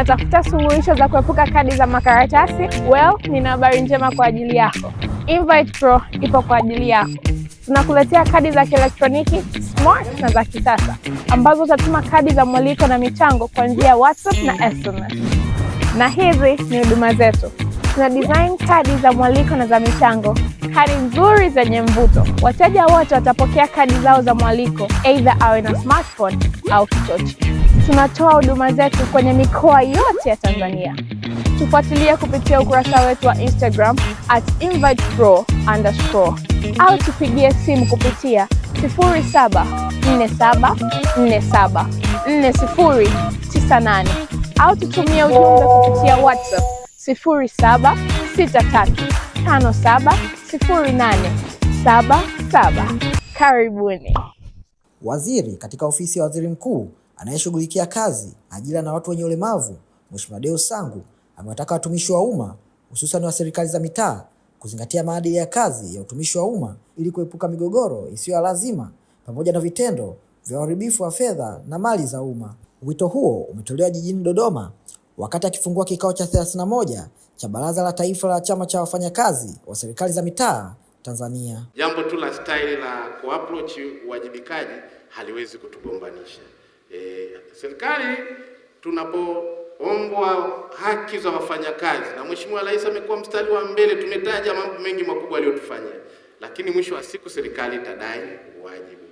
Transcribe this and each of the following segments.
unatafuta suluhisho za kuepuka kadi za makaratasi? Well, nina habari njema kwa ajili yako. Invite Pro ipo kwa ajili yako. Tunakuletea kadi za kielektroniki smart na za kisasa ambazo utatuma kadi za mwaliko na michango kwa njia ya WhatsApp na SMS. Na hizi ni huduma zetu. Tuna design kadi za mwaliko na za michango, kadi nzuri zenye mvuto. Wateja wote watapokea kadi zao za mwaliko, aidha awe na smartphone au kichochi tunatoa huduma zetu kwenye mikoa yote ya Tanzania. Tufuatilie kupitia ukurasa wetu wa Instagram at invitepro underscore au tupigie simu kupitia 0747474098 au tutumie ujumbe kupitia WhatsApp 0763570877. Karibuni. Waziri katika ofisi ya waziri mkuu Anayeshughulikia kazi, ajira na watu wenye ulemavu, Mheshimiwa Deo Sangu amewataka watumishi wa umma hususan wa serikali za mitaa kuzingatia maadili ya kazi ya utumishi wa umma ili kuepuka migogoro isiyo ya lazima pamoja na vitendo vya uharibifu wa fedha na mali za umma. Wito huo umetolewa jijini Dodoma wakati akifungua kikao cha 31 cha Baraza la Taifa la Chama cha Wafanyakazi wa Serikali za Mitaa Tanzania. Jambo tu la staili la kuapproach uwajibikaji haliwezi kutugombanisha. E, serikali tunapoombwa haki za wafanyakazi, na Mheshimiwa Rais amekuwa mstari wa mbele, tumetaja mambo mengi makubwa aliyotufanyia, lakini mwisho wa siku serikali itadai wajibu.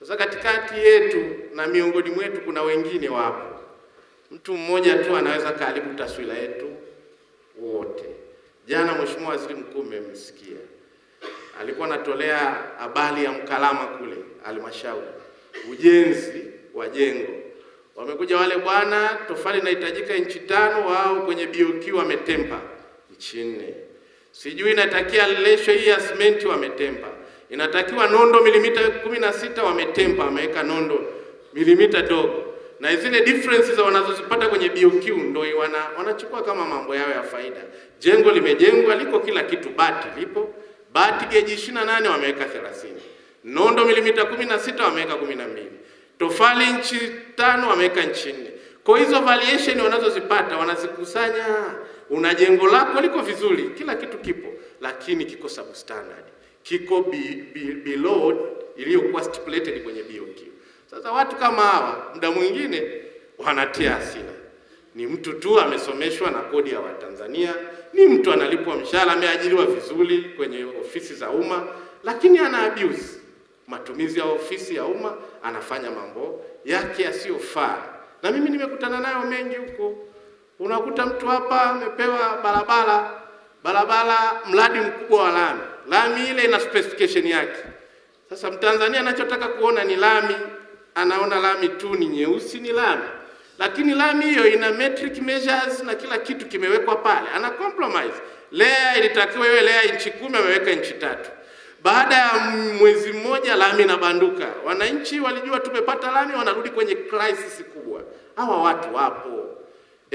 Sasa katikati yetu na miongoni mwetu kuna wengine wapo, mtu mmoja tu anaweza kaharibu taswira yetu wote. Jana Mheshimiwa Waziri Mkuu mmemsikia alikuwa anatolea habari ya Mkalama kule halmashauri ujenzi wa jengo. Wamekuja wale, bwana, tofali inahitajika inchi tano, wao kwenye BOQ wametempa inchi nne, sijui inatakia lesho hii ya simenti wametempa, inatakiwa nondo milimita kumi na sita wametempa, wameweka nondo milimita dogo, na zile differences wanazozipata kwenye BOQ ndio wana wanachukua kama mambo yao ya faida. Jengo limejengwa liko kila kitu, bati lipo, bati geji 28 wameweka 30, nondo milimita sita wameweka 12 tofali nchi tano wameweka nchi nne. Kwa hizo valuation wanazozipata wanazikusanya. Una jengo lako liko vizuri, kila kitu kipo, lakini kiko substandard, kiko bi, bi, below iliyokuwa stipulated kwenye BOQ. Sasa watu kama hawa muda mwingine wanatia hasira. Ni mtu tu amesomeshwa na kodi ya Watanzania, ni mtu analipwa mshahara, ameajiriwa vizuri kwenye ofisi za umma, lakini ana abuse matumizi ya ofisi ya umma, anafanya mambo yake yasiyofaa. Na mimi nimekutana nayo mengi huko. Unakuta mtu hapa amepewa barabara barabara, mradi mkubwa wa lami, lami ile ina specification yake. Sasa Mtanzania anachotaka kuona ni lami, anaona lami tu ni nyeusi, ni lami lakini lami hiyo ina metric measures na kila kitu kimewekwa pale, ana compromise. Lea ilitakiwa iwe lea inchi kumi, ameweka inchi tatu. Baada ya mwezi mmoja lami na banduka, wananchi walijua tumepata lami, wanarudi kwenye crisis kubwa. Hawa watu wapo.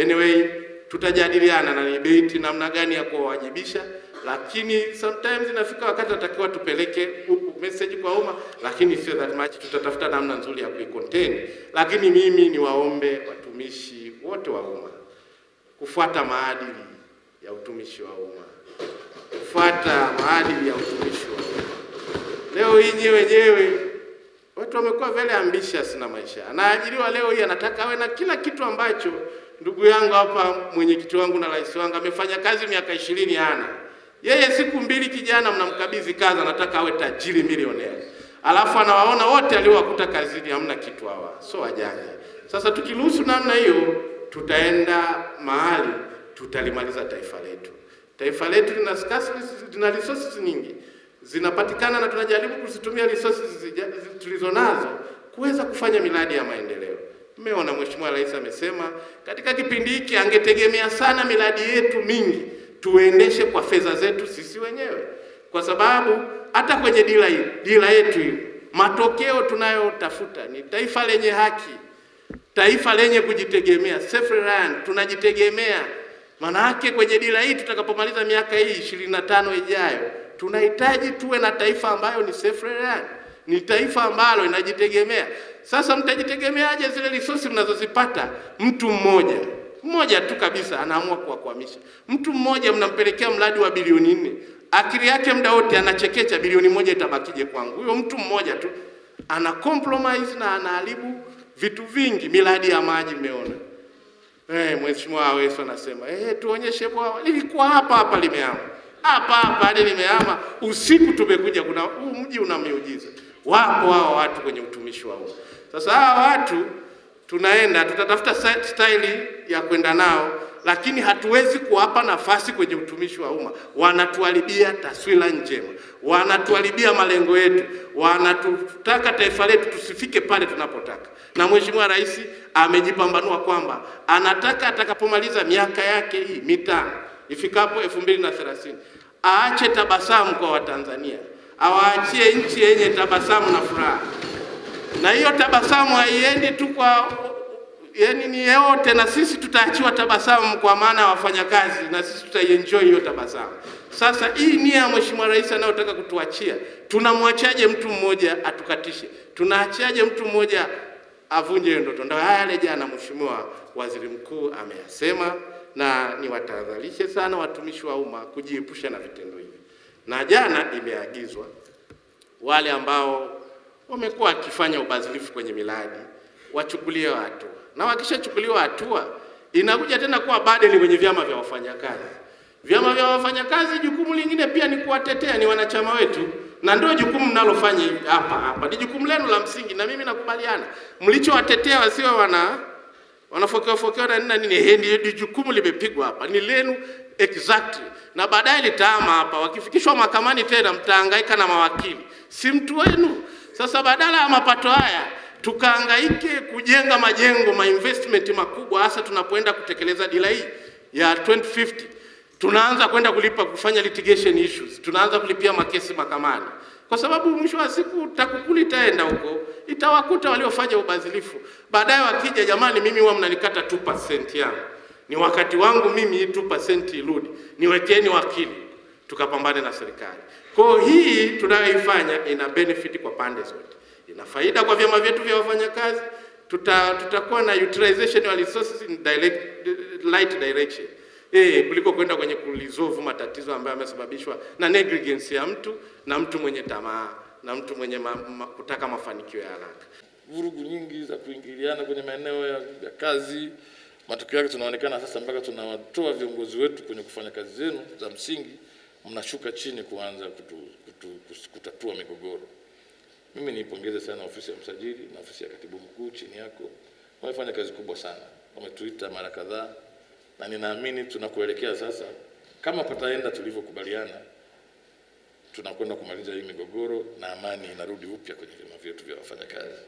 Anyway, tutajadiliana na debate namna gani ya kuwawajibisha, lakini sometimes inafika wakati natakiwa tupeleke huku message kwa umma, lakini sio that much. Tutatafuta namna nzuri ya kuicontain, lakini mimi niwaombe watumishi wote wa umma kufuata maadili ya utumishi wa umma, kufuata maadili ya utumishi Leo hii nyewe wenyewe watu wamekuwa vile ambitious na maisha. Anaajiriwa leo hii anataka awe na kila kitu ambacho ndugu yangu hapa mwenyekiti wangu na rais wangu amefanya kazi miaka ishirini hana. Yeye siku mbili kijana mnamkabidhi kazi anataka awe tajiri milionea. Alafu anawaona wote aliowakuta kazini hamna kitu hawa. So wajane. Sasa tukiruhusu namna hiyo tutaenda mahali tutalimaliza taifa letu. Taifa letu lina scarcity, lina resources nyingi zinapatikana na tunajaribu kuzitumia resources tulizonazo kuweza kufanya miradi ya maendeleo. Mmeona Mheshimiwa Rais amesema katika kipindi hiki angetegemea sana miradi yetu mingi tuendeshe kwa fedha zetu sisi wenyewe, kwa sababu hata kwenye dira hii dira yetu hii matokeo tunayotafuta ni taifa lenye haki, taifa lenye kujitegemea, self reliant, tunajitegemea. Maana yake kwenye dira hii tutakapomaliza miaka hii ishirini na tano ijayo tunahitaji tuwe na taifa ambayo ni self-reliant, ni taifa ambalo inajitegemea. Sasa mtajitegemeaje zile resources mnazozipata? Mtu mmoja mmoja tu kabisa anaamua kuwakwamisha. Mtu mmoja mnampelekea mradi wa bilioni nne, akili yake muda wote anachekecha, bilioni moja itabakije kwangu? Huyo mtu mmoja tu ana compromise na anaharibu vitu vingi. Miradi ya maji mmeona eh, mheshimiwa Yesu anasema eh, tuonyeshe bwawa lilikuwa hapa hapa limeama hapa hapa hadi nimehama usiku, tumekuja kuna huu mji una miujiza. Wapo hao watu kwenye utumishi wa umma. Sasa hawa watu tunaenda tutatafuta staili ya kwenda nao, lakini hatuwezi kuwapa nafasi kwenye utumishi wa umma. Wanatuharibia taswira njema, wanatuharibia malengo yetu, wanatutaka taifa letu tusifike pale tunapotaka. Na Mheshimiwa Rais amejipambanua kwamba anataka atakapomaliza miaka yake hii mitano ifikapo thelathini aache tabasamu kwa Watanzania, awaachie nchi yenye tabasamu na furaha. Na hiyo tabasamu haiendi tu kwa yani, ni yote, na sisi tutaachiwa tabasamu kwa maana ya wafanyakazi, na sisi tutaienjoy hiyo tabasamu. Sasa hii nia ya Mheshimiwa Rais anayotaka kutuachia, tunamwachiaje mtu mmoja atukatishe? tunaachiaje mtu mmoja avunje hiyo ndoto? Ndio haya yale jana Mheshimiwa waziri mkuu ameyasema, na niwatahadharishe sana watumishi wa umma kujiepusha na vitendo hivi, na jana imeagizwa wale ambao wamekuwa wakifanya ubadhilifu kwenye miradi wachukuliwe hatua, na wakishachukuliwa hatua inakuja tena kuwa ni kwenye vyama vya wafanyakazi. Vyama vya wafanyakazi, jukumu lingine pia ni kuwatetea, ni wanachama wetu, na ndio jukumu mnalofanya hapa hapa, ni jukumu lenu la msingi, na mimi nakubaliana mlichowatetea wasiwe wana wanafokewa fokewa na nina nini. hendi hendi, jukumu limepigwa hapa, ni lenu exactly, na baadaye litaama hapa. Wakifikishwa mahakamani tena mtahangaika na mawakili, si mtu wenu. Sasa badala ya mapato haya tukahangaike kujenga majengo ma investment makubwa, hasa tunapoenda kutekeleza dira hii ya 2050 tunaanza kwenda kulipa kufanya litigation issues, tunaanza kulipia makesi mahakamani kwa sababu mwisho wa siku TAKUKURU itaenda huko, itawakuta waliofanya ubadhilifu. Baadaye wakija, jamani, mimi huwa mnanikata 2% yangu, ni wakati wangu mimi, hii 2% irudi, niwekeni wakili tukapambane na serikali. Kwa hii tunayoifanya ina benefit kwa pande zote, ina faida kwa vyama vyetu vya wafanyakazi, tutakuwa tuta na utilization ya resources in direct, light direction yeye eh, kuliko kwenda kwenye kulizovu matatizo ambayo yamesababishwa na negligence ya mtu na mtu mwenye tamaa na mtu mwenye ma, ma, kutaka mafanikio ya haraka. Vurugu nyingi za kuingiliana kwenye maeneo ya, ya kazi, matokeo yake tunaonekana sasa mpaka tunawatoa viongozi wetu kwenye kufanya kazi zenu za msingi, mnashuka chini kuanza kutu, kutu, kutu, kutatua migogoro. Mimi niipongeze sana ofisi ya msajili na ofisi ya katibu mkuu chini yako, wamefanya kazi kubwa sana, wametuita mara kadhaa na ninaamini tunakuelekea sasa, kama pataenda tulivyokubaliana, tunakwenda kumaliza hii migogoro na amani inarudi upya kwenye vyama vyetu vya wafanyakazi.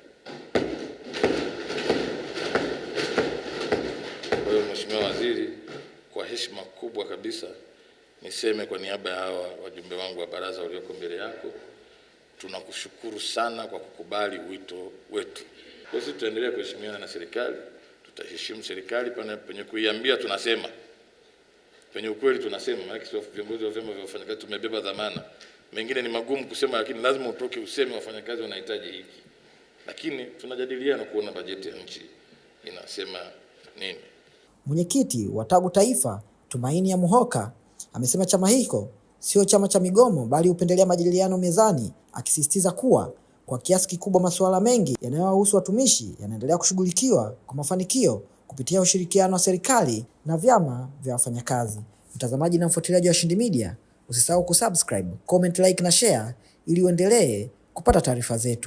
Kwa hiyo, Mheshimiwa Waziri, kwa heshima kubwa kabisa niseme kwa niaba ya hawa wajumbe wangu wa baraza walioko mbele yako, tunakushukuru sana kwa kukubali wito wetu. Kwa sisi tutaendelea kuheshimiana na serikali tutaheshimu serikali penye kuiambia tunasema, penye ukweli tunasema, maana sio viongozi wa vyama vya wafanyakazi tumebeba dhamana. Mengine ni magumu kusema, lakini lazima utoke useme wafanyakazi wanahitaji hiki, lakini tunajadiliana kuona bajeti ya nchi inasema nini. Mwenyekiti wa tagu Taifa Tumaini ya Muhoka amesema chama hicho sio chama cha migomo, bali hupendelea majadiliano mezani, akisisitiza kuwa kwa kiasi kikubwa masuala mengi yanayowahusu watumishi yanaendelea kushughulikiwa kwa mafanikio kupitia ushirikiano wa serikali na vyama vya wafanyakazi. Mtazamaji na mfuatiliaji wa Shindi Media, usisahau kusubscribe, comment, like na share ili uendelee kupata taarifa zetu.